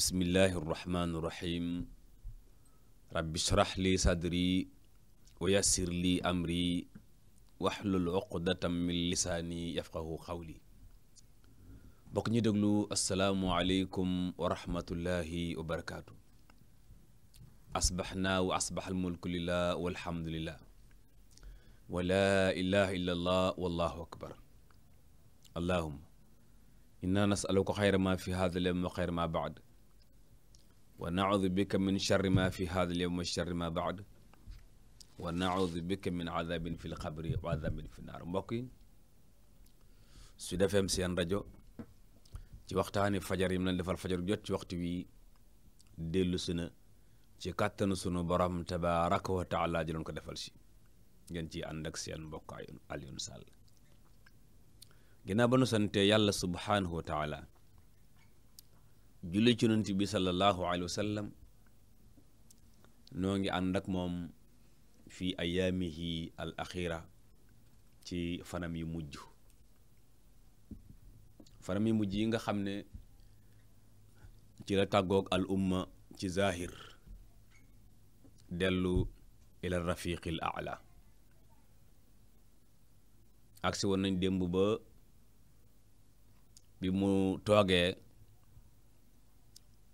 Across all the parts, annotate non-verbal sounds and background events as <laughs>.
bismillahi irrahmani irrahim rabbi shrah li sadri wa yassir li amri waxlul uqdatam min lisaani yafqahu qawli bokk ñu déglu asalaamu aleykum wa rahmatullahi wa barakaatu asbaxna wa asbaxal mulku lillah walhamdulillah wa laa ilaha illa allah wallahu akbar allahuma inna nasaluka xayra ma fi hada al yawm wa xayra ma baad wa naudu bika min charri ma fi hada al yawm wa charri ma baad wa naudu bika min adabin fi lxabri wa adabin fi naar mbokk su defeem seen rajo ci waxtaani fajar yim mu defal fajar jot ci waxtu wi dellu si ci kàttanu sunu borom tabaraka wa taala ko defal si ngeen ci ànd ak seen mbokk Alioune Sall ginnaaw ba nu sante yàlla subhanahu wa julli ci yonent bi sallallahu alayhi noo ngi ànd ak moom fii ayaamihi al ci fanam yu mujj fanam yu mujj yi nga xam ne ci la tàggoog al umma ci zahir dellu ila rafiqil ala agsi woon nañ démb ba bi mu toogee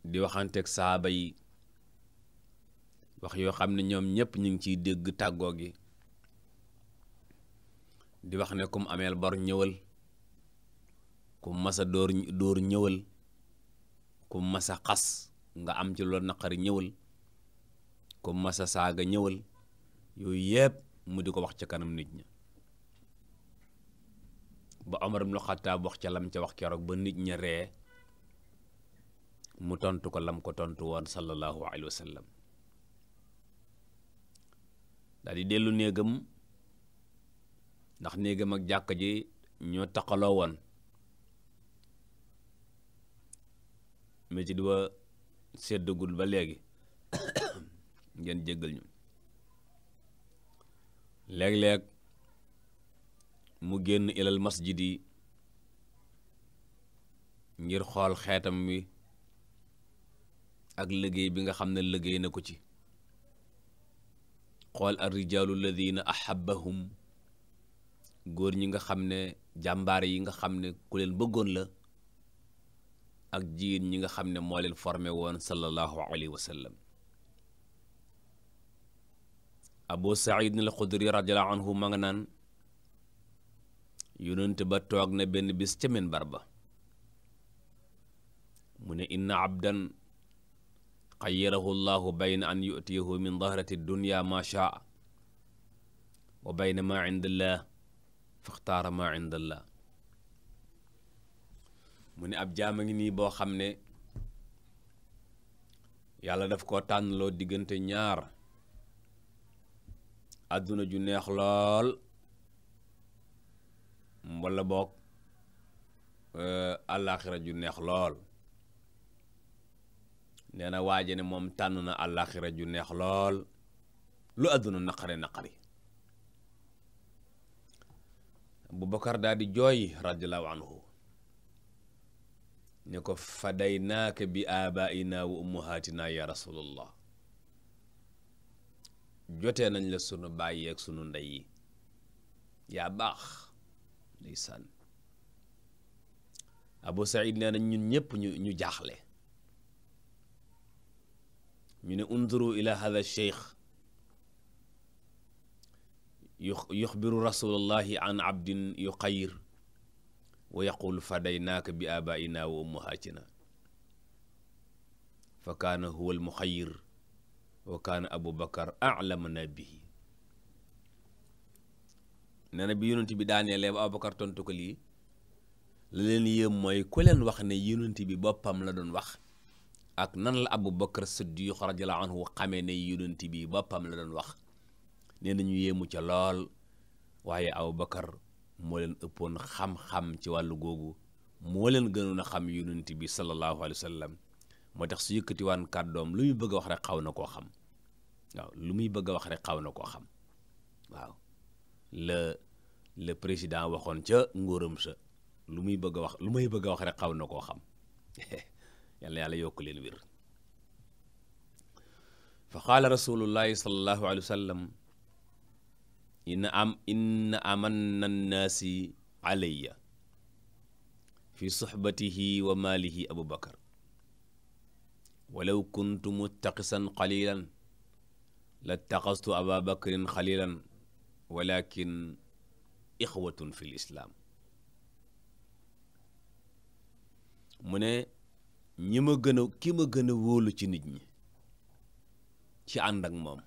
di waxanteeg saaba yi wax yoo xam ne ñoom ñëpp ñu ngi ciy dégg tàggoo gi di wax ne kum ameel bor ñëwal kum masa dóor dóor ñëwal kum masa xas nga am ci loolu naqari ñëwal kum masa saaga ñëwal yooyu yépp mu di ko wax ca kanam nit ña ba Omar ibn Khattab wax ca lam ca wax keroog ba nit ña ree mu tontu ko lam ko tontu woon sallallahu alayhi wa sallam daal di dellu néegam ndax néegam ak jàkka ji ñoo taqaloo woon métit wa seddagul ba léegi <coughs> ngeen jéggal ñu léeg-léeg mu génn ilal masjid yi ngir xool xeetam wi ak liggéey bi nga xam ne liggéey na ko ci xool ar rijaalu alladina ahabbahum góor ñi nga xam ne jàmbaar yi nga xam ne ku leen bëggoon la ak jigéen ñi nga xam ne moo leen formé woon sallallahu alayhi wa sallam abu said al xudri radiallahu anhu ma nga naan yonent ba toog na benn bis ca minbar ba mu ne inna abdan xayirahu llahu bayna an yutiyahu min dahrati dunya ma shaa wa bayna ma indallah faxtaara ma indallah mu ne ab jaam a ngi nii boo xam ne yàlla daf koo tànnloo diggante ñaar àdduna ju neex lool wala boog euh, àllaaxira ju neex lool nee na waaje ne moom tànn na àllaaxira ju neex lool lu àdduna naqari naqari Abubakar daal di jooy radiallahu anhu ne ko fadaynaaka bi abaina wa ummahatina ya rasulallah jotee nañ la sunu baay yeeg sunu ndey yi yaa baax Abu Saïd nee na ñun ñëpp ñu ñu jaaxle ñu ne unzuru ila hadha sheikh yuxbiru rasulullahi an abdin yu xayir wa yaqul fadaynaaka bi abaina wa ummahaatina fa kaana huwa al muxayir wa kaana abu bakar alamana bihi nee na bi yonent bi daaneelee ba abubakar tontu ko lii la leen yéem mooy ku leen wax ne yonent bi boppam la doon wax ak nan la Abu Bakar Siddiq radiyallahu anhu xamee ne yonent bi boppam la doon wax nee nañu yéemu ca lool waaye Abu Bakar moo leen ëppoon xam-xam ci wàllu googu moo leen gënoon a xam yonent bi sallallahu alayhi wa sallam moo tax su yëkkatiwaan kàddoom lu muy bëgg a wax rek xaw na koo xam waaw lu muy bëgg a wax rek xaw na koo xam waaw la président waxoon ca nguuram sa lu muy bëgg a wax lu may bëgg a wax rek xaw na koo xam <laughs> yàlla yàlla yokk leen wér fa qaala rasulullahi sallallahu alayhi wa sallam inna am inna amanna nnaasi alayya fi soxbatihi wa maalihi abu bakar walaw kuntu muttaqisan qalilan lattaqastu aba bakrin xalilan walakin ixwatun fi lislaam mu ne ñi ma gën a ki ma gën a wóolu ci nit ñi ci ànd ak moom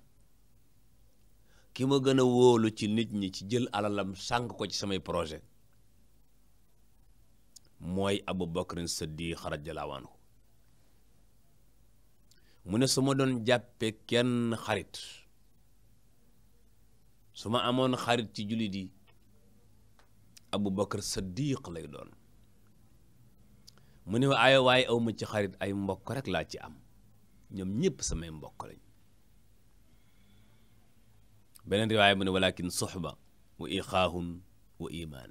ki ma gën a wóolu ci nit ñi ci jël alalam sànq ko ci samay projet mooy Abu Bakrin Siddiq radiyallahu anhu mu ne su ma doon jàppe kenn xarit su ma amoon xarit ci jullit yi Abu Bakr Siddiq lay doon mu ne ma waaye aw ma ci xarit ay mbokk rek laa ci am ñoom ñëpp samay mbokk lañ beneen riwaaya mu ne walakin suxba wa ixaahun wa imaan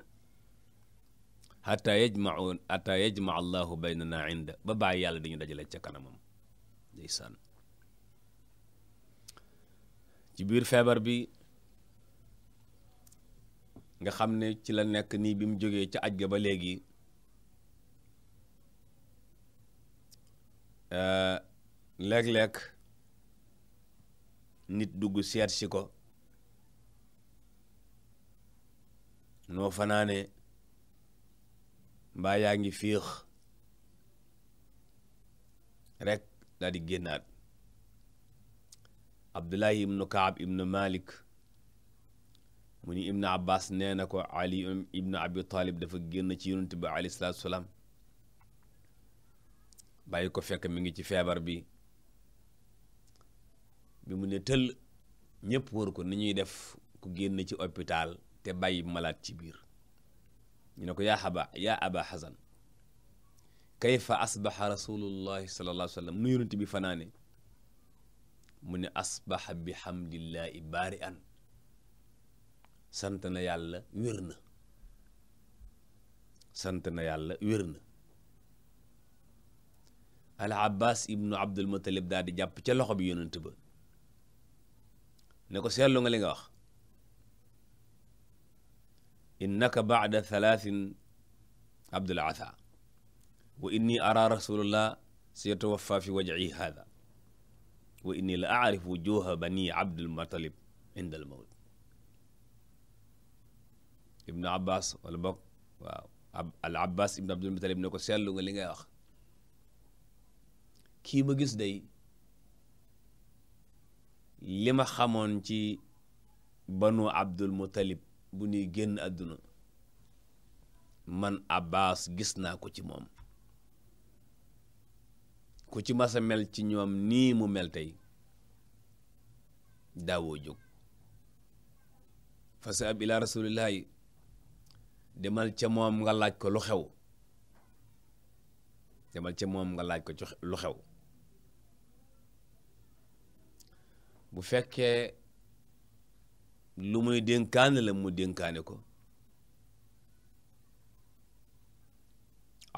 xata yajmaun xata yajmaa allahu baynana ba bàyyi yàlla dañu dajale ca kanamam ndeysaan ci biir feebar bi nga xam ne ci la nekk nii bi mu jógee ca aj ga ba léegi Euh, léeg-léeg nit dugg seet si ko noo fanaane mbaa yaa ngi fiix rek daadi di génnaat Abdullahi ibnu Kaab ibnu Malik mu ni ibnu Abbas nee na ko Ali ibnu Abi Talib dafa génn ci yonent bi alayhi salaatu bàyyi ko fekk mi ngi ci feebar bi bi mu ne tël ñépp wër ko ni ñuy def ku génn ci hôpital te bàyyi malade ci biir ñu ne ko yaa aba yaa aba xasan kayfa asbaxa rasulullahi sallallahu alayhi nu yonent bi fanaane mu ne asbaxa bi hamdillahi baari an sant na yàlla wér na sant na yàlla wér na al abbas ibnu abdul muttalib daal di jàpp ca loxo bi yonent ba ne ko seetlu nga li nga wax innaka baada thalathin abdul atha wa inni ara rasulullah sayatawaffa fi wajhi hadha wa la aarifu wujuha bani abdul muttalib inda al al abbas ibnu abdul muttalib ne ko seetlu nga li ngay wax kii ma gis dey li ma xamoon ci banu abdul muttalib bu nuy génn àdduna man abbas gis naa ko ci moom ku ci masa mel ci ñoom nii mu mel tey daawoo jóg fa sa ab ila rasulillahi demal ca moom nga laaj ko lu xew demal ca moom nga laaj ko lu xew bu fekkee lu muy dénkaane la mu dénkaane ko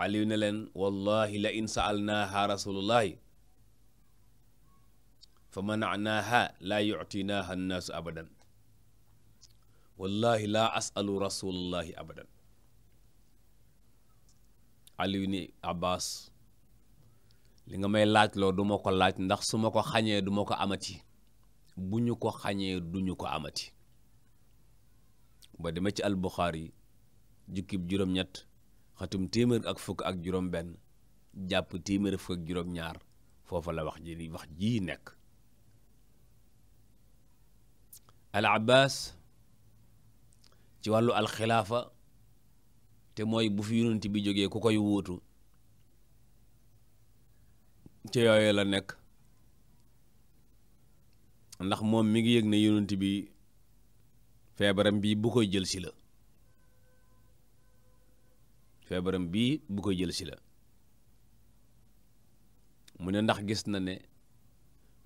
aliyu ne leen wallahi la in saalnaaha rasulullahi fa mananaaha laa yutinaaha annaasu abadan wallahi laa asalu rasulullahi abadan aliyu ni abbas li nga may laaj loo du ko laaj ndax su ma ko xañee duma ko amati bu ñu ko xañee duñu ko amati ba deme ci albuxaari jukkib juróom-ñett xatum téeméer ak fukk ak juróom-benn jàpp téeméer fukk ak juróom-ñaar foofa la wax ji wax ji nekk al abbas ci wàllu alxilaafa te mooy bu fi yonent bi jógee ku koy wuutu ci yooye la nekk ndax moom mi ngi yëg ne yonent bi feebaram bii bu ko jël si la feebaram bii bu koy jël si la mu ne ndax gis na ne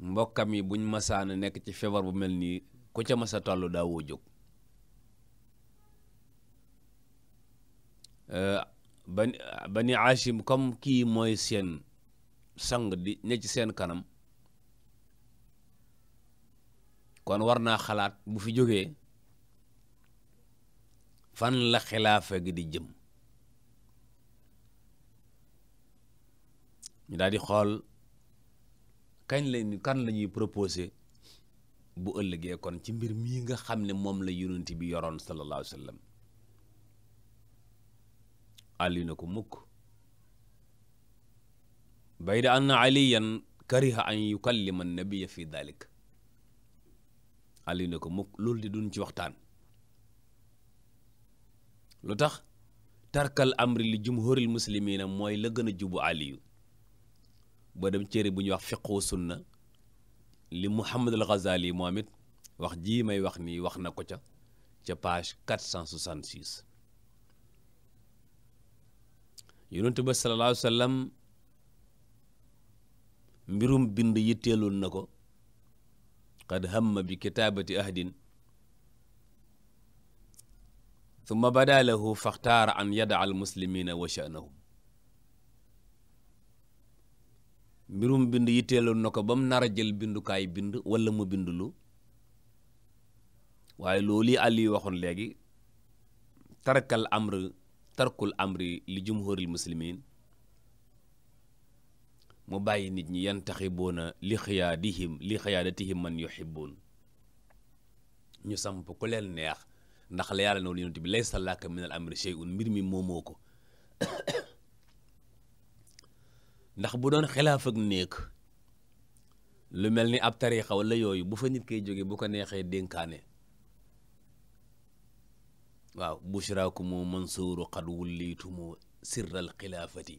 mbokkam yi buñ masaana nekk ci feebar bu mel nii ku ca masa tollu daawoo jóg euh, bani bani Hachim comme kii mooy seen sang di ne ci seen kanam kon war naa xalaat bu fi jógee fan la xilaafa gi di jëm ñu daal xool kañ lañ kan la proposé bu ëllëgee kon ci mbir mii nga xam ne moom la yonent bi yoroon sallallahu alayhi wa sallam na ko mukk bayda anna aliyan kariha an yukallima an nabiya fi dalik Aliou ne ko mukk loolu di duñ ci waxtaan lu tax tarkal amri li jumhuril muslimina mooy la gën a jubu Aliou ba dem cëri bu ñuy wax fiqhu sunna li Muhammad al Ghazali moom it wax jii may wax nii wax na ko ca ca page 466 yonent ba sallallahu alayhi wa sallam mbirum bind yitteeloon na ko qad hamma bi kitaabati ahdin summa bada lahu faxtaara an yadaa al muslimina wa sha'nahum mbirum bind yitteeloon na ko ba mu nar a jël bindukaay bind wala mu bind lu waaye loolu yi àll yi waxoon léegi tarkal amr tarkul amri li jumhuril muslimin mu bàyyi nit ñi yantaxibuuna li xiyaadihim li xiyaadatihim man yuhibbuun ñu samp ku leen neex ndax la yàlla ne wala yonent bi mbir mi moomoo ko <coughs> ndax bu doon xilaaf ak lu mel ni ab tarixa wala yooyu bu fa nit koy jóge bu ko neexee dénkaane waaw bushraakumu mansuuru qad wulliitumu sirral xilaafati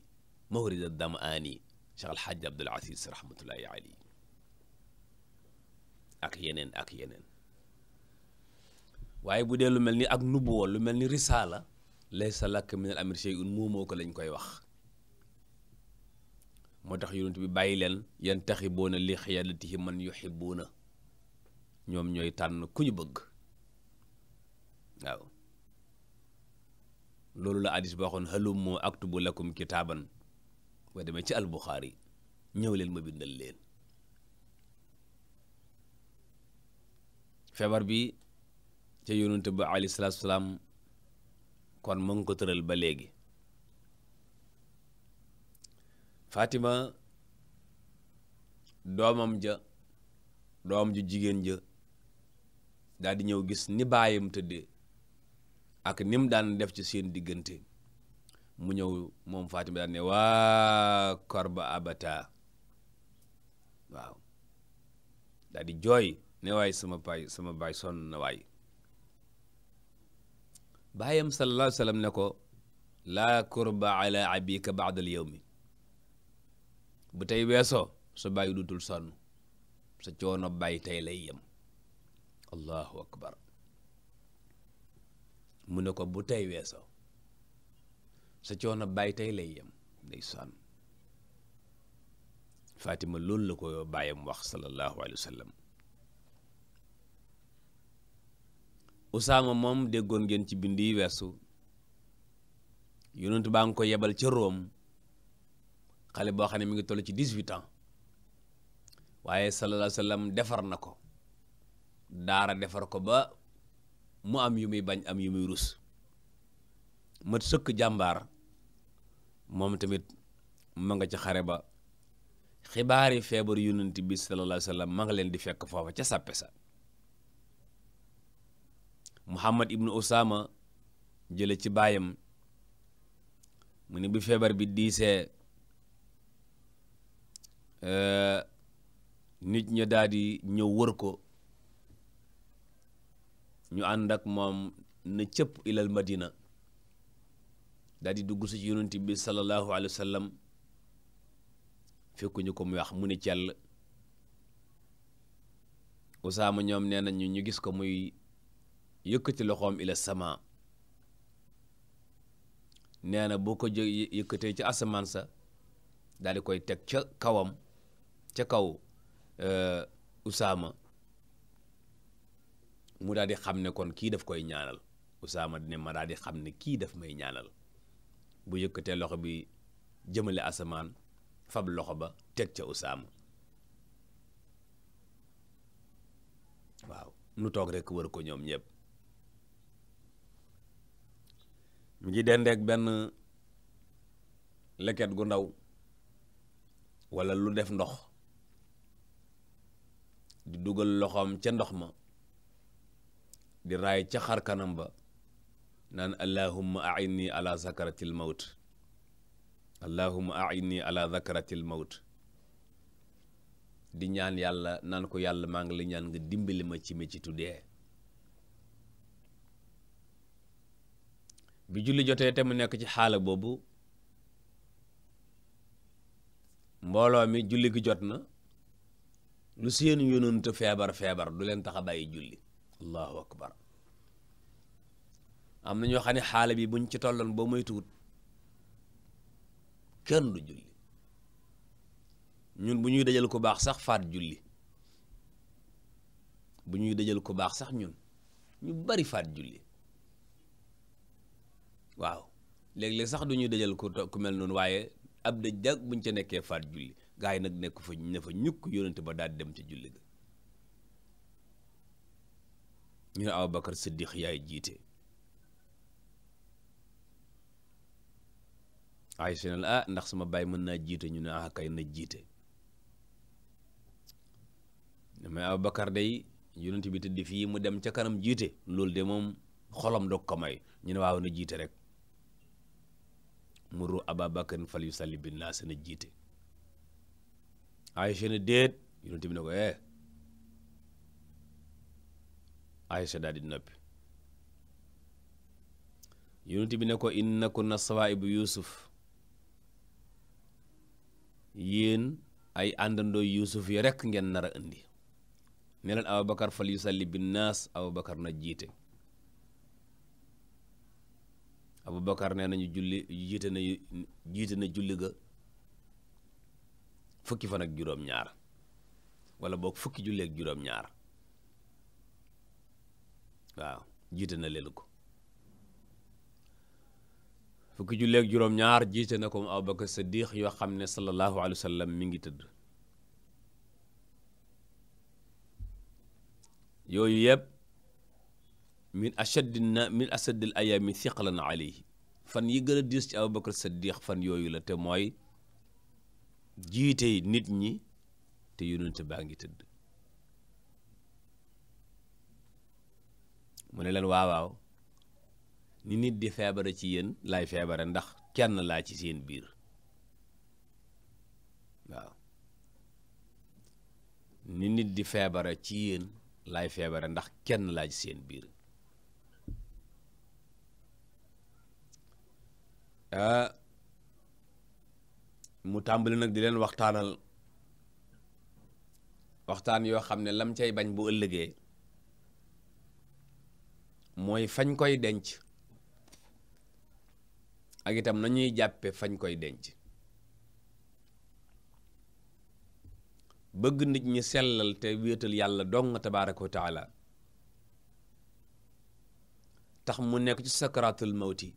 mawrida damaani Cheikh Al Hadj Abdoul Aziz ak yeneen ak yeneen waaye bu dee lu mel ni ak nubuwa lu mel ni risaala laysa laka min al amri shay'un moomoo ko lañ koy wax moo tax yonent bi bàyyi leen yantaxibuuna li xiyaadatihim man yuhibbuuna ñoom ñooy tànn ku ñu bëgg waaw loolu la hadiis ba waxoon halummu aktubu lakum kitaaban boo demee ci albuxaari ñëw leen ma bindal leen feebar bi ca yonent ba alayhi salaatu salaam kon mu ngi ko tëral ba léegi faatima doomam ja doom ju jigéen ja daal ñëw gis ni mu tëddee ak ni mu daan def ci seen diggante mu ñëw moom Fatima daal ne waa korba abata waaw daal jooy ne waay sama baay sama baay sonn na waay baayam sallallahu alayhi wa sallam ne ko laa korba ala abika baada al yawmi bu tey weesoo sa baay dutul sonn sa coono baay tey lay yem allahu akbar mu ne ko bu tey weesoo sa coono bàyyi tey lay yem ndeysaan Fatima loolu la ko bàyyam wax sallallahu alayhi wa sallam Usaama moom déggoon ngeen ci bind yi weesu yonent baa ngi ko yebal ca Rome xale boo xam ne mu ngi toll ci dix-huit waaye sallallahu alayhi wa sallam defar na ko daara defar ko ba mu am yu muy bañ am yu muy rus mat sëkk jàmbaar moom tamit ma nga ca xare ba xibaari feebar yonent bi sallallahu alayhi wa sallam ma nga leen di fekk foofa ca sàppe sa muhammad ibnu usama jële ci baayam mu ne bi feebar bi diisee euh, nit ña daal ñëw wër ko ñu ànd ak moom na cëpp ilal madina daal dugg sa ci yonent bi sallallahu alayhi wa sallam fekkuñu ko muy wax mu ni cell usaama ñoom nee na ñu ñu gis ko muy yëkkati loxoom ila sama nee na boo ko jë yëkkatee ci asamaan sa daal koy teg ca kawam ca kaw euh, usaama mu daal xam ne kon kii daf koy ñaanal usaama dina ma daal xam ne kii daf may ñaanal bu yëkkatee loxo bi jëmale asamaan fab loxo ba teg ca Usaama waaw nu toog rekk wër ko ñoom ñëpp mu ngi dendeek benn leket gu ndaw walla lu def ndox di dugal loxoom ca ndox ma di raay ca xar kanam ba naan allahumma ainni ala zakaratil mawt allahumma ainni ala zakaratil mawt di ñaan yàlla naan ko yàlla maa ngi la ñaan nga dimbali ma ci méccitu dee bi julli jotee te mu nekk ci xaala boobu mbooloo mi julli gi jot na lu seen yonent feebar feebar du leen tax a bàyyi julli allahu akbar am na ñoo xam ne xaala bi buñ ci tolloon boo muy tuut kenn du julli ñun bu ñuy dajal ku baax sax faat julli bu ñuy dajal ku baax sax ñun ñu bari faat julli waaw léeg-léeg sax du ñuy dajal ku ku mel noonu waaye ab dëj dag buñ ci nekkee faat julli gaa yi nag nekk fa ne fa ñukk yónante ba daal dem ci julli ga ñu ne Abubakar Siddiq yaay jiite Aysa ne la ah ndax sama baay mën naa jiite ñu ne ah kay na jiite damay Abubakar day yonent bi tëdd fii mu dem ca kanam jiite loolu de moom xolom dog ko ñu ne waaw na jiite rek muru Ababakar fal yusalli bin naas na jiite Aysa ne déet yonent bi ne ko eh Aysa daal di noppi yonent bi ne ko innakunna sawaa'ibu Yuusuf yéen ay àndandoo yuusuf yi rekk ngeen nara a indi ne leen abubakar fal yusalli bin naas abubakar na jiite abubakar nee nañu julli jiite na jiite na julli ga fukki fan ak juróom-ñaar wala boog fukki julli ak juróom-ñaar waaw jiite na leen ko fukki julli ak juróom-ñaar jiite na ko mu Abubakar Siddiq yoo xam ne sallallahu alayhi wa sallam mi ngi tëdd yooyu yëpp min ashaddi na min ashaddi ayaami thiqlan alayhi fan yi gën a diis ci Abubakar Siddiq fan yooyu la te mooy jiite nit ñi te yonent baa ngi tëdd mu ne leen waaw ni nit di feebare ci yéen laay feebare ndax kenn laa ci seen biir waaw nit di feebare ci laay feebare ndax kenn laa ci seen biir ah, mu tàmbali nag di leen waxtaanal waxtaan yoo xam ne lam cay bañ bu ëllëgee mooy fañ koy denc ak itam nañuy jàppe fañ koy denc bëgg nit ñi sellal te wéetal yàlla dong tabaaraka wa tax mu nekk ci sakaraatul mawti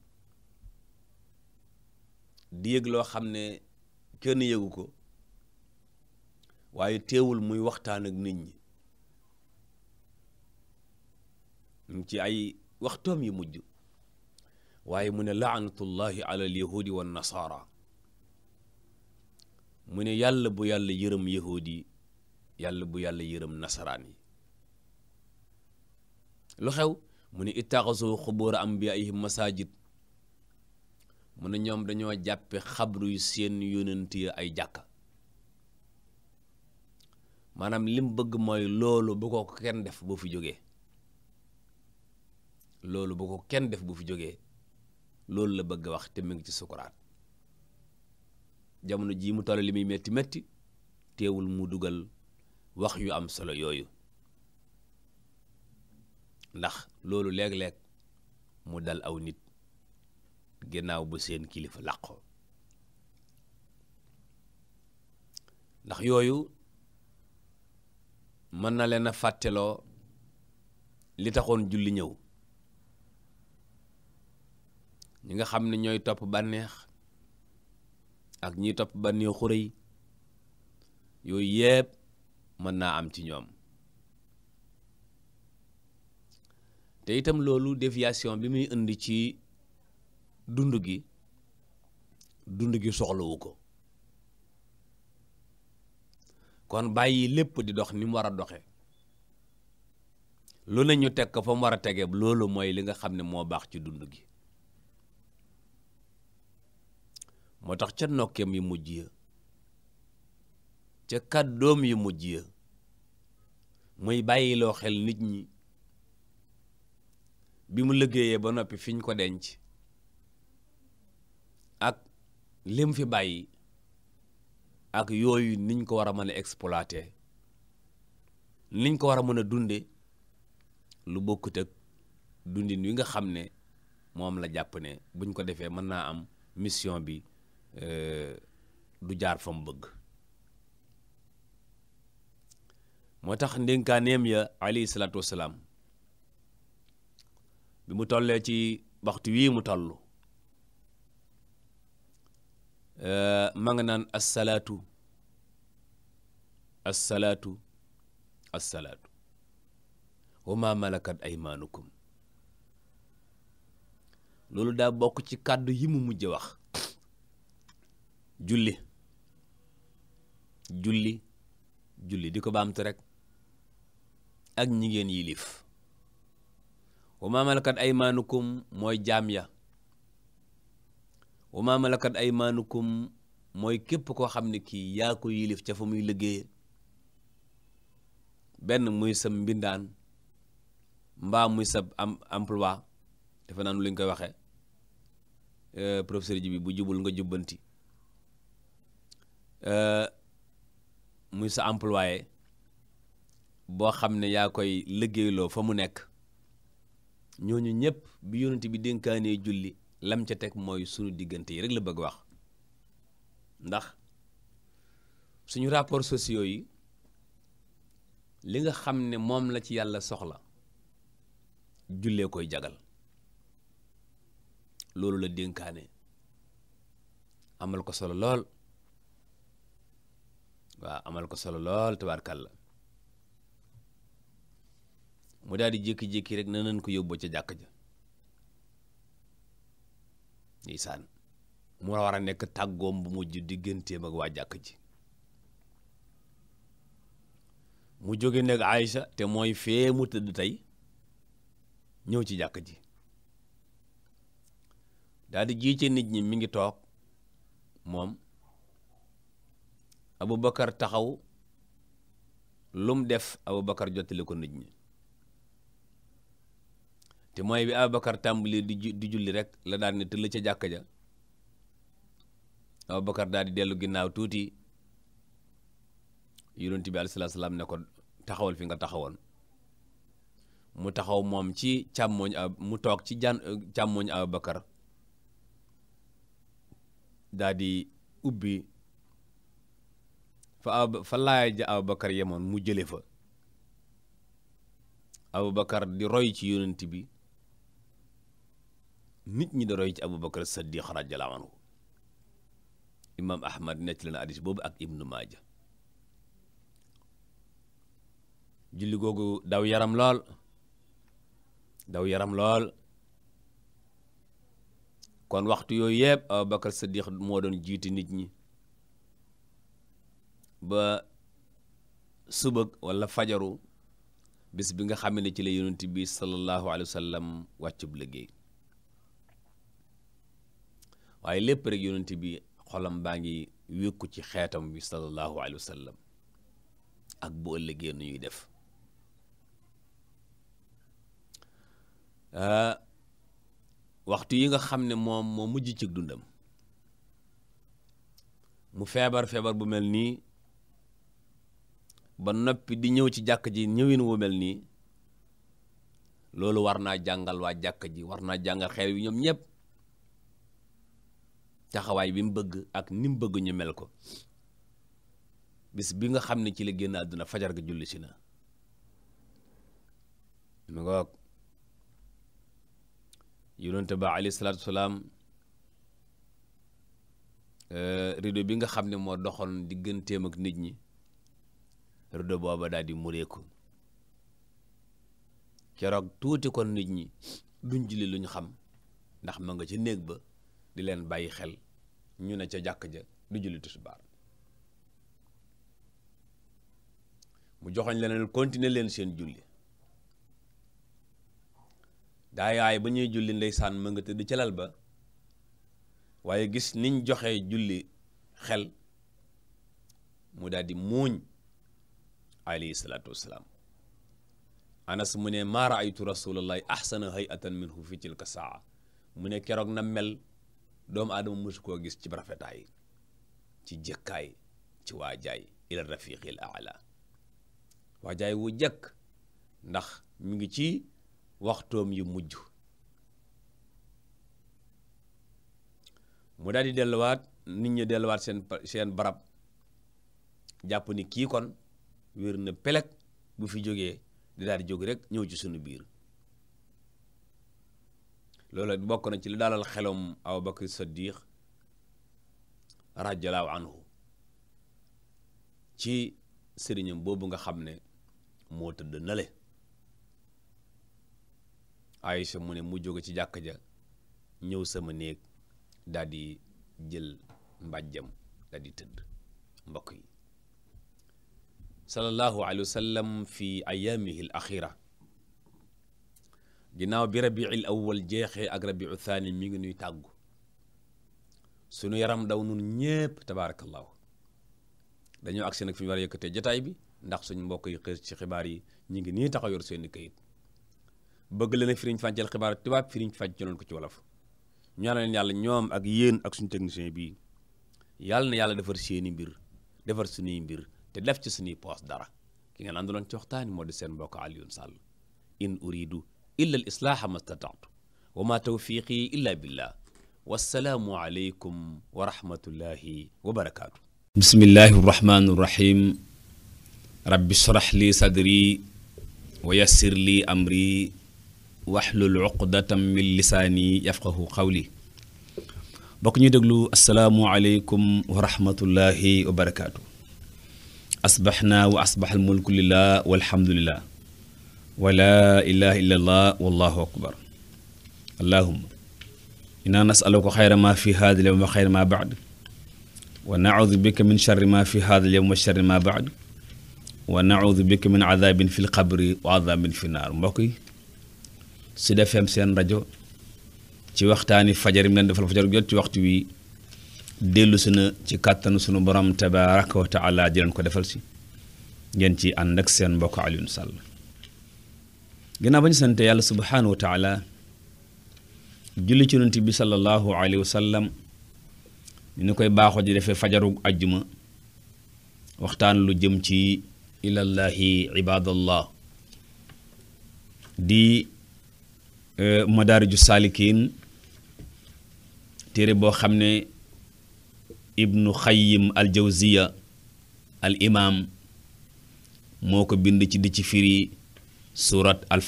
di yëg loo xam ne kenn yëgu ko waaye teewul muy waxtaan ak nit ñi mu ci ay waxtoom yu mujj waaye mu ne laanatullahi ala alyahudi wa nasaara mu ne yàlla bu yàlla yërëm yahudi yi yàlla bu yàlla yërëm nasaraan yi lu xew mu ne ittaxasu xubóora ambiyaihim masajid mu ne ñoom dañoo jàppe xabru yu seen yonent ay jàkka maanaam lim bëgg mooy loolu bu ko kenn def bu fi jógee loolu bu ko kenn def bu fi jógee loolu la bëgg a wax te mu ngi ci sukuraat jamono jii mu toll li muy metti metti teewul mu dugal wax yu am solo yooyu ndax loolu léeg lekk mu dal aw nit ginnaaw bu seen kilifa làqoo ndax yooyu mën na leen a fàtteloo li taxoon julli ñëw ñi nga xam ne ñooy topp bànneex ak ñiy topp bànneexu rëy yooyu yëpp mën naa am ci ñoom te itam loolu déviation bi muy indi ci dund gi dund gi soxlawu ko kon bàyyi lépp di dox ni mu war a doxe lu ne ñu teg ko fa mu war a tege loolu mooy li nga xam ne moo baax ci dund gi moo tax ca nokkeem yi mu ya ca kàddoom yi mu ya muy bàyyiloo xel nit ñi bi mu liggéeyee ba noppi fiñ ko denc ak lim fi bàyyi ak yooyu niñ ko war a mën a exploiter niñ ko war a mën a dunde lu bokkut ak dundin wi nga xam ne moom la jàpp ne buñ ko defee mën naa am mission bi Euh, du jaar fa mu bëgg moo tax ndénkaaneem ya alayhi salaatu wasalaam bi mu tollee ci waxtu wii mu toll euh, ma ngi naan salaatu assalaatu assalaatu wa ma malakat aymaanukum loolu daa bokk ci kàddu yi mu mujj wax julli julli julli di ko baamtu rek ak ñi ngeen yilif wa maa malakat aymaanukum mooy jaam ya wa maa malakat aymaanukum mooy képp koo xam ni kii yaa ko yilif ca fa muy liggéey benn muy sa mbindaan mbaa muy sa am emploi defe lu ñu koy waxe euh, professeur ji bi bu jubul nga jubbanti Euh, muy sa employé boo xam ne yaa koy liggéeyloo fa mu nekk ñooñu ñëpp bi yonent bi dénkaanee julli lam ca teg mooy sunu diggante yi rek la bëgg wax ndax suñu rapports sociaux yi li nga xam ne moom la ci yàlla soxla jullee koy jagal loolu la dénkaane amal ko solo lool waa amal ko solo lool la mu daal di jékki-jékki rek na nañ ko yóbbu ca jàkk ja ndeysaan mu war a nekk tàggoom bu mujj digganteem ak waa jàkk ji mu jóge nag Aïcha te mooy fee mu tëdd tey ñëw ci jàkk ji daal di jiite nit ñi mi ngi toog moom abu Aboubacar taxaw lum def Aboubacar jottali ko nit ñi te mooy bi Aboubacar tàmbali di di julli rek la daan ne tëll ca jàkka ja Aboubacar daal di dellu ginnaaw tuuti yonent bi alayhi salaam ne ko taxawal fi nga taxawoon mu taxaw moom ci càmmooñ mu toog ci jaan càmmooñ Aboubacar daal di ubbi. fa fa laaya ja Abubakar yemoon mu jële fa Abubakar di roy ci yonent bi nit ñi da roy ci Abubakar Saddiq radiyallahu anhu imaam Ahmad nekk leen boobu ak Ibnu Maaja julli googu daw yaram lool daw yaram lool kon waxtu yooyu yëpp Abubakar Saddiq moo doon jiite nit ñi ba subëg wala fajaru bis bi nga xam ne ci la yonent bi sallallahu alayhi wa sallam wàccub liggéey waaye lépp rek yonent bi xolam baa ngi wékku ci xeetam bi sallallahu alayhi wa ak bu ëllëgee nu ñuy def ah, waxtu yi nga xam ne moom moo mujj ci dundam mu feebar feebar bu mel nii ba noppi di ñëw ci jàkk ji ñëwin wu mel nii loolu war naa jàngal waa jàkk ji war naa jàngal xeer wi ñoom ñëpp taxawaay bi mu bëgg ak ni mu bëgg ñu mel ko bis bi nga xam ne ci la génn àdduna fajar ga julli si na mu nga wax yonente ba alayhi salaatu wasalaam euh, rido bi nga xam ne moo doxoon digganteem ak nit ñi rëdd booba daal di mureeku keroog tuuti kon nit ñi duñ julli luñ xam ndax ma nga ca néeg ba di leen bàyyi xel ñu ne ca jàkk ja du julli tisbaar mu joxoñ leneen continuer leen seen julli daa ba ñuy julli ndeysaan ma nga tëdd ca lal ba waaye gis niñ joxe julli xel mu daldi muuñ alayhi anas mu ne maa raaytu rasulallahi ahsana hayatan minhu fi tilka saa mu ne keroog na mel doomu aadama mosu koo gis ci rafetaay ci jëkkaay ci waajaay ila rafiqil aala waajaay wu jëkk ndax mu ngi ci waxtoom yu mujj mu daal di delluwaat nit ñi delluwaat seen barab jàpp ni kii kon wér na peleg bu fi jógee di daal di jóg rek ñëw ci sunu biir loolu bokk na ci li daalal xelom Abu Bakr Saddiq rajalaahu anhu ci sëriñam boobu nga xam ne moo tëdd nale Aïcha mu ne mu jóge ci jàkk ja ñëw sama néeg daldi jël mbàjjam daal di tëdd mbokk yi sallallahu alayhi wa sallam fi ayaamihi al axira ginnaaw bi rabiil awal jeexee ak rabiu thani mi ngi nuy tàggu sunu yaram daw nun ñépp tabaarakallaahu dañoo agsi nag fi ñu war a yëkkatee jataay bi ndax suñ mbokk yi xër ci xibaar yi ñu ngi nii taxaw yor seeni kayit bëgg leen firiñ fàncal xibaar tubaab firiñ fàncaloon ko ci wolof ñaanal leen yàlla ñoom ak yéen ak suñu technicien bii yàlla na yàlla defar seeni mbir defar suñuy mbir te def ci suñuy poos dara ki ngeen ànduloon ci waxtaani moo di seen mbokk Alioune Sall in uridu illa al islaaha mastata'tu wa ma tawfiqi illa billah wassalaamu aleykum wa rahmatullahi wa barakaatu bismillahi arrahmani arrahim rabbi shrah li sadri wa yassir li amri waxlul uqdatam min lisaani yafqahu qawli bokk ñuy déglu asalaamu aleykum wa rahmatullahi wa barakaatu asbaxnaa wa asbaxal mulku lillah walhamdulillah wa laa ilaha illa allah wallahu akbar allahuma inna nasaluka xayra ma fi hada alyawm wa xayra ma bacd wa naudu bika min charri ma fi hada alyawm wa charri ma bacd wa naudu bika min adabin fi lqabri wa adabin fi naar mbokk yi Sud FM seen rajo ci waxtaani fajar mi leen defal fajar jot ci waxtu wi dellu na ci kàttanu sunu borom tabaraka wa taala di leen ko defal si ngeen ci ànd ak seen mbokk Alioune Sall ginnaaw ba ñu sante yàlla subhaanahu wa taala julli ci yonent bi sallallahu alayhi wa sallam koy baaxoo di defee fajaru ajjuma waxtaan lu jëm ci ilallahi ibadallah di eh, madaariju saalikiin téere boo xam ne ibnu xayim al jawziya al imaam moo ko bind ci di ci firi surat al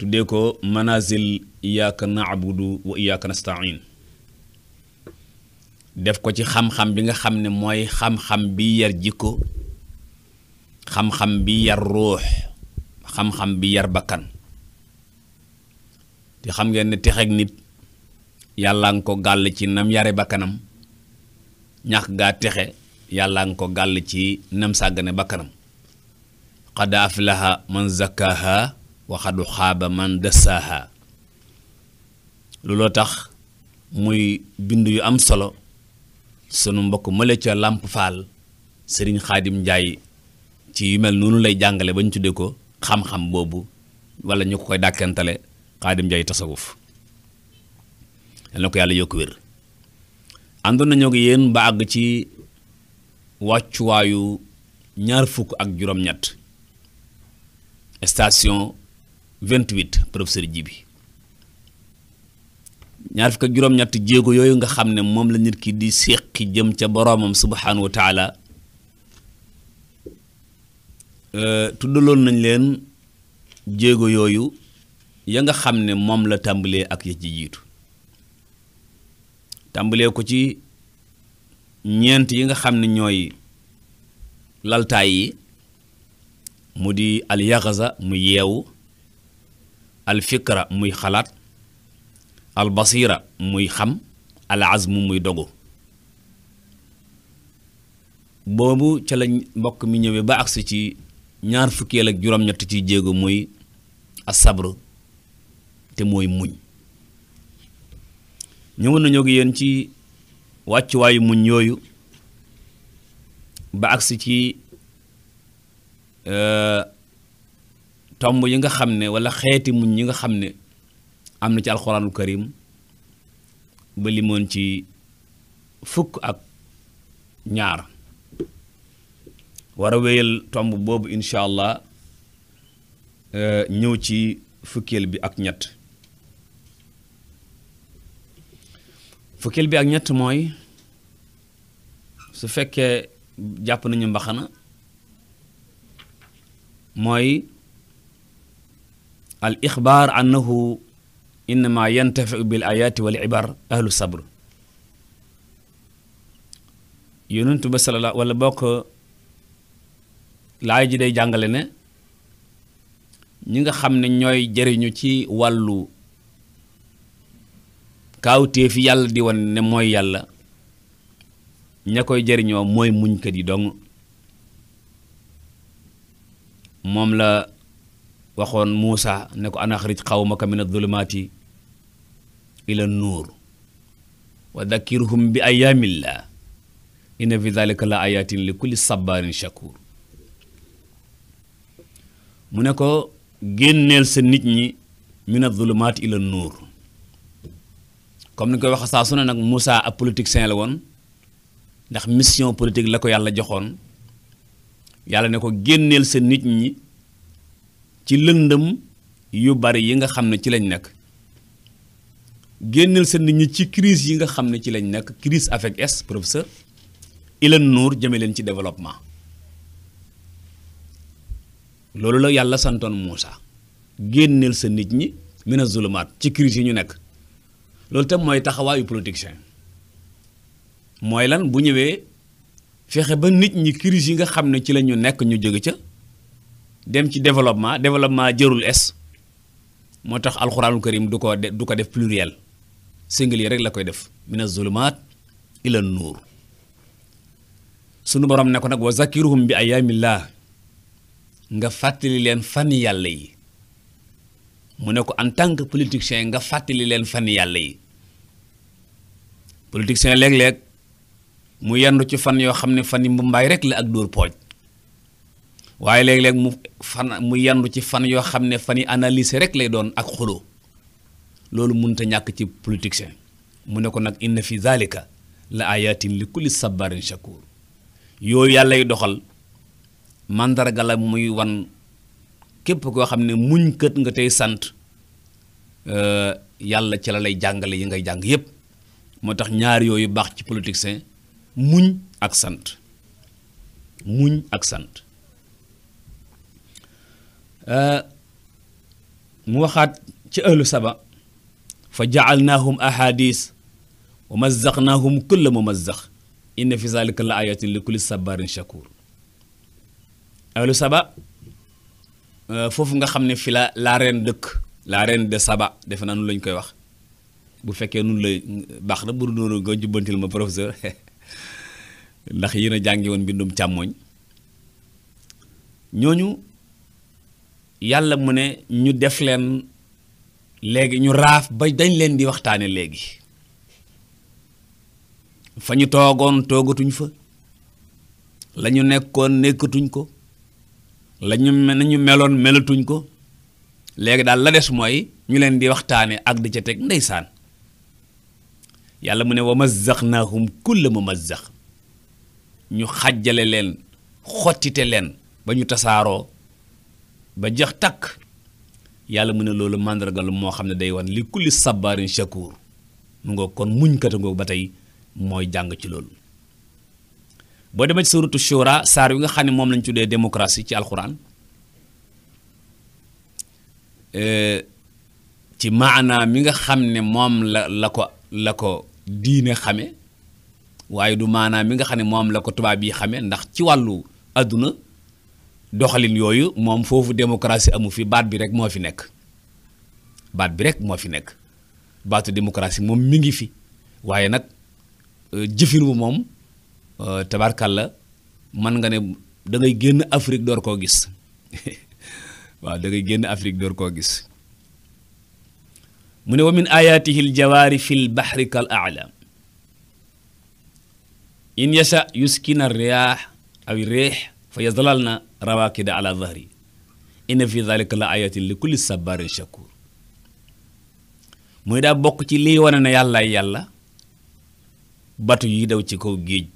tuddee ko manazil iyaaka naabudu wa iyaaka nastain def ko ci xam-xam bi nga xam ne mooy xam-xam bi yar jikko xam-xam bi yar ruux xam-xam bi yar bakkan te xam ngeen texeeg nit yàlla nga ko gàll ci nam yare bàkkanam ñax gaa texe yàlla nga ko gàll ci nam sàggane bakkanam xad aflaha man zakkaaha wa xaaba man dassaaha looloo tax muy bind yu am solo sunu mbokk mële ca làmp faal sëriñ xaadim njaay ci yu mel noonu lay jàngale ba ñu tuddee ko xam-xam boobu walla ñu ko koy dàkkantale xaadim njaay tasawuf yal na ko yàlla yokk wér àndoon nañoo ak yéen ba àgg ci wàccuwaayu ñaar fukk ak juróom-ñett station 28 professeur Djibi ñaar fukk ak juróom-ñett jéego yooyu nga xam ne moom la nit ki di séqi jëm ca boroomam subhaanahu wa taala euh, tuddaloon nañ leen jéego yooyu ya nga xam ne moom la tàmbalee ak ya ci jiitu tàmbalee ko ci ñeent yi nga xam ne ñooy laltaay yi mu di al yaxasa muy yeewu al muy xalaat al muy xam al muy dogu boobu ca la mbokk mi ñëwee ba agsi ci ñaar fukkeel ak juróom-ñett ci jéego muy asabr te mooy muñ ñëwoon nañoo gi yéen ci wàccuwaayu muñ yooyu ba agsi ci euh, tomb yi nga xam ne wala xeeti muñ yi nga xam ne am na ci alxuraanul karim ba limoon ci fukk ak ñaar wara wéyal tomb boobu incha allah euh, ñëw ci fukkeel bi ak ñett fukkeel bi ak ñett mooy su fekkee jàpp nañu mbaxana mooy al ixbaar annahu innama yantafiu bil ayaati wal ibar ahlu sabr yonentu ba salala wala bokk laay ji day jàngale ne ñi nga xam ne ñooy jëriñu ci wàllu kaawtee fi yàlla di won ne mooy yàlla ña koy jariñoo mooy muñkat yi dong moom la waxoon Muusa ne ko ana xrij xawmaka min adulumaati ila nuur wa dakkirhum bi ayaamillah inna fi dalika la ayatin li kulli sabarin shakur mu ne ko génneel sa nit ñi min adulumaati ila nuur comme ni koy wax saa su ne nag Moussa ab politicien la woon ndax mission politique la ko yàlla joxoon yàlla ne ko génneel sa nit ñi ci lëndëm yu bari yi nga xam ne ci lañ nekk génneel sa nit ñi ci crise yi nga xam ne ci lañ nekk crise avec S professeur ileen nuur jëme leen ci développement loolu la yàlla santoon Moussa génneel sa nit ñi mina zulumaat ci crise yi ñu nekk loolu tam mooy taxawaayu politicien mooy lan bu ñëwee fexe ba nit ñi crise yi nga xam ne ci lañu nekk ñu jóge ca dem ci développement développement jërul es moo tax alxuraanul karim du ko du ko def pluriel singulier rek la koy def mina zulumaat ila nuur sunu borom ne ko nag wa zakiruhum bi ayaamillah nga fàttali leen fan yàlla yi mu ne ko en tant que politicien nga fàttali leen fan yàlla yi politicien léeg-léeg mu yendu ci fan yoo xam ne fan yi mbumbaay rek la ak dóor pooj waaye léeg-léeg mu fan mu yendu ci fan yoo xam ne fan yi analyse rek lay doon ak xulo loolu mënta ñàkk ci politicien mu ne ko nag inna fi zalika la ayatin li kulli sabarin shakur yooyu yàlla lay doxal mandarga la muy wan képp koo xam ne muñ kët nga tey sant euh, yàlla ci la lay jàngale yi ngay jàng yépp moo tax ñaar yooyu baax ci politicien muñ ak sant muñ ak sant euh, mu waxaat ci ahlu saba fa jaalnaahum ahadis wa mazzaqnaahum kulla mumazzax inna fi zalika la ayatin li kulli sabarin shakur ahlu Euh, foofu nga xam ne fi la la reine dëkk la reine de Saba defe naa nu lañ koy wax bu fekkee nun la baax na bu dul noonu nga jubbantil ma professeur <laughs> ndax yéen a jàngi woon mbindum càmmooñ ñooñu yàlla mu ne ñu def leen léegi ñu raaf ba dañ leen di waxtaane léegi fa ñu toogoon toogatuñ fa la ñu nekkoon nekkatuñ ko lañu nañu meloon melatuñ ko léegi daal la des mooy ñu leen di waxtaane ak di ca teg ndeysaan yàlla mu ne wa mazzaxnaahum kulla mumazzaq ñu xàjjale leen xottite leen ba ñu tasaaroo ba jeex takk yàlla mu ne loolu màndargal moo xam ne day wan li kulli sabarin shakur mu nga kon muñ kata ba tey mooy jàng ci loolu boo demee ci suratu shura saar wi nga xam ne moom lañ tuddee démocratie ci alxuraan euh, ci maanaam mi nga xam ne moom la la ko la ko diine xame waaye du maanaam mi nga xam ne moom la ko tubaab yi xame ndax ci wàllu àdduna doxalin yooyu moom foofu démocratie amu fi baat bi rek moo fi nekk baat bi rek moo fi nekk baatu démocratie moom mi ngi fi waaye nag euh, jëfin wu moom Euh, la man nga ne da génn Afrique door koo gis <laughs> waaw dangay génn Afrique door koo gis mu ne wa min ayaatihi ljawaari fi lbaxri kal alam in yasha yuskina riyaax aw réex fa yadalalna rawaakida ala zahri inna fi dalika la ayatin li kulli sabarin shakur muy daa bokk ci liy wane ne yàllaay yàlla batu yi daw ci kaw géej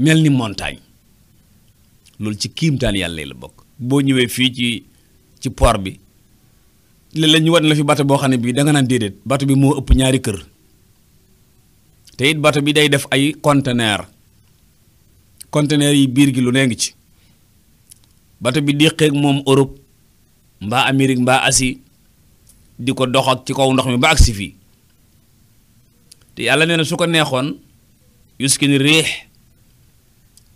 mel ni montagne loolu ci kiimtaan yàlla la bokk boo ñëwee fii ci ci port bi léeg la ñu la fi bato boo xam ne bii danga nga naan déedéet bato bi moo ëpp ñaari kër te it bato bi day def ay conteneur conteneur yi biir gi lu nee ngi ci bato bi déqeeg moom Europe mbaa Amérique mbaa Asie di ko dox ak ci kaw ndox mi ba agsi fii te yàlla nee na su ko neexoon yuskini riix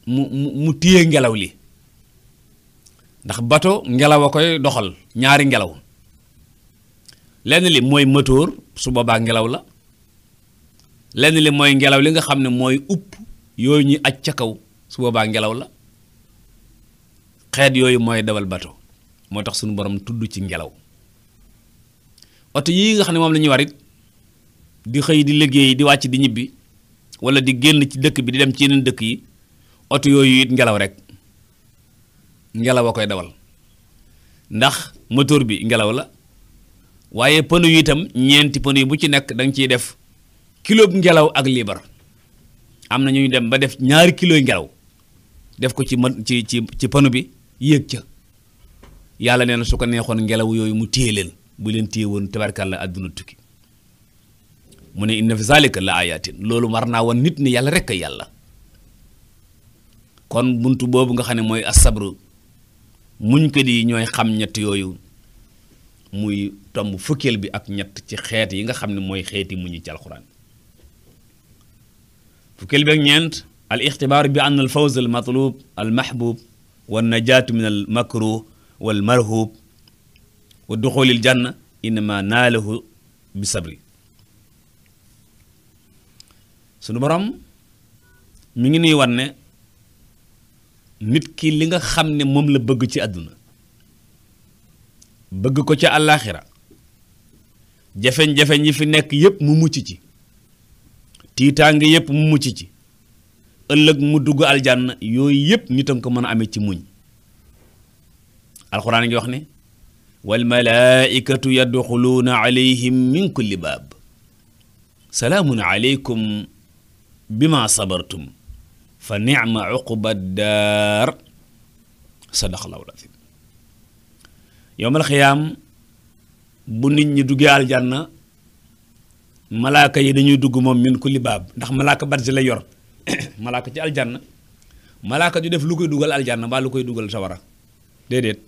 mu mu mu téye ngelaw li ndax bato ngelaw a koy doxal ñaari ngelaw lenn li mooy moteur su boobaa ngelaw la lenn li mooy ngelaw li nga xam ne mooy upp yooyu ñuy aj ca kaw su boobaa ngelaw la xeet yooyu mooy dawal bato moo tax sunu borom tudd ci ngelaw oto yii nga xam ne moom lañuy ñuy war it di xëy di liggéey di wàcc di ñibbi wala di génn ci dëkk bi di dem ci yeneen dëkk yi oto yooyu it ngelaw rek ngelaw a koy dawal ndax moteur bi ngelaw la waaye pneu yi itam ñeenti pneu yi bu ci nekk da ciy def kilo ngelaw ak liibar am na ñuy dem ba def ñaari kilo ngelaw def ko ci mën ci ci ci pneu bi yéeg ca yàlla nee na su ko neexoon ngelaw yooyu mu téye leen bu leen téye woon tabarkàlla àdduna tukki mu ne inna fi zalika la ayatin loolu war naa woon nit ni yàlla rek a yàlla kon bunt boobu nga xam ne mooy asabru muñ ko di ñooy xam ñett yooyu muy tomb fukkeel bi ak ñett ci xeet yi nga xam ne mooy xeeti muñ ci alxuraan fukkeel bi ak ñeent al bi an al fawz al matlub al mahbub wa najaatu min al makruh wal marhub wa duxulil janna innama naalahu bi sabri sunu borom mi ngi nuy wan ne nit ki li nga xam ne moom la bëgg ci àdduna bëgg ko ca àllaaxira jafeñ-jafeñ yi fi nekk yépp mu mucc ci tiitaange yépp mu mucc ci ëllëg mu dugg aljanna yooyu yépp nit a ko mën a amee ci muñ alxuraan ngi wax ne wal malaaikatu yadxuluuna alayhim min kulli baab salaamun aleykum bima sabartum fa nicma uquba daar sadaqallahu bu nit ñi duggee aljanna malaaka yi dañuy dugg moom min kulli baab ndax malaaka barsi la yor <coughs> malaaka ci aljanna malaaka ju def lu koy dugal aljanna mbaa lu koy dugal sawara déedéet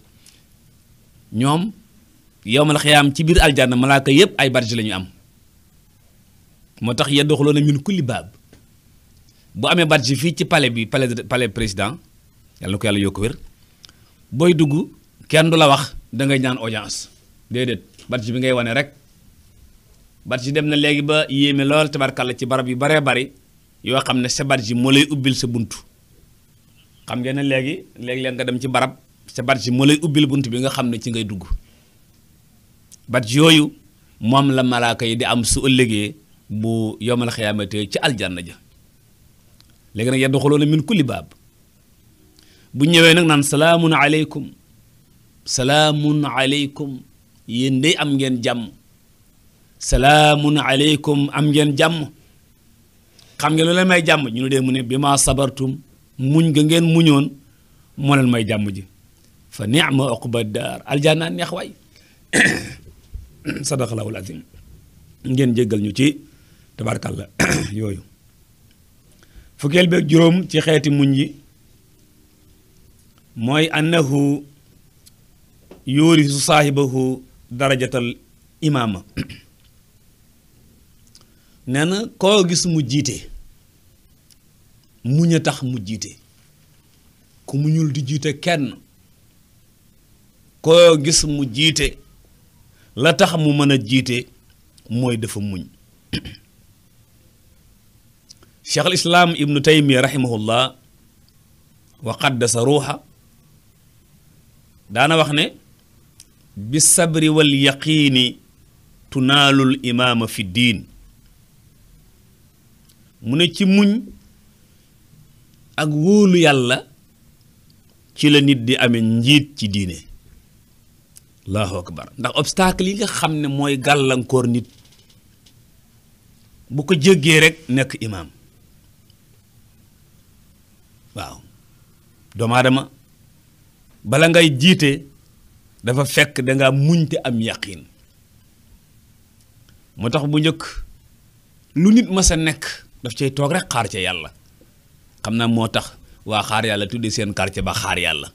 ñoom yowmal xiyaam ci biir aljanna malaaka yépp ay barsi la am moo tax yadduxuloona min kulli baab bu amee badge fii ci pale bi palais palais président yàlla na ko yàlla yokk wér booy dugg kenn du la wax da ngay ñaan audience déedéet badge bi ngay wane rek badge dem na léegi ba yéeme lool tabarkàlla ci barab yu baree bari yoo xam ne sa badge moo lay ubbil sa buntu xam ngeen ne léegi léeg-léeg nga dem ci barab sa badge moo lay ubbil bunt bi nga xam ne ci ngay dugg badge yooyu moom la malaaka yi di am su ëllëgee bu yomal xiyaamate ci aljanna ja léegi nag yadxuluuna min kulli baab bu ñëwee nag naan salaamun aleykum salaamun aleykum yéen day am ngeen jàmm salaamun aleykum am ngeen jàmm xam ngeen lu may jàmm ñu ne dee mu ne bi maa sabartum muñ ga ngeen muñoon moo leen may jàmm ji fa ni'ma uqba daar aljanna neex <coughs> aziim ngeen jéggal ñu ci tabaarkalla <coughs> yooyu fukkeel beeg juróom ci xeeti muñ yi mooy annahu yuurisu saahibahu darajatal imaama <clears throat> nee na koo gis mu jiite muñ a tax mu jiite ku muñul di jiite kenn koo gis mu jiite la tax mu mën a jiite mooy dafa muñ <clears throat> cheikh islaam ibnu taymiya rahimahullah wa qaddasa ruuxa daana wax ne bi sabri wal yaqiini tunaalul imaama fi diin mu ne ci muñ ak wóolu yàlla ci la nit di amee njiit ci diine allahu akbar ndax obstacle yi nga xam ne mooy gàllankoor nit bu ko jéggee rekk nekk imaam waaw doomu aadama bala ngay jiite dafa fekk danga muñ te am yaqin moo tax bu njëkk lu nit ma sa nekk daf cay toog rek xaar ca yàlla xam na moo tax waa xaar yàlla tudde seen quartier ba xaar yàlla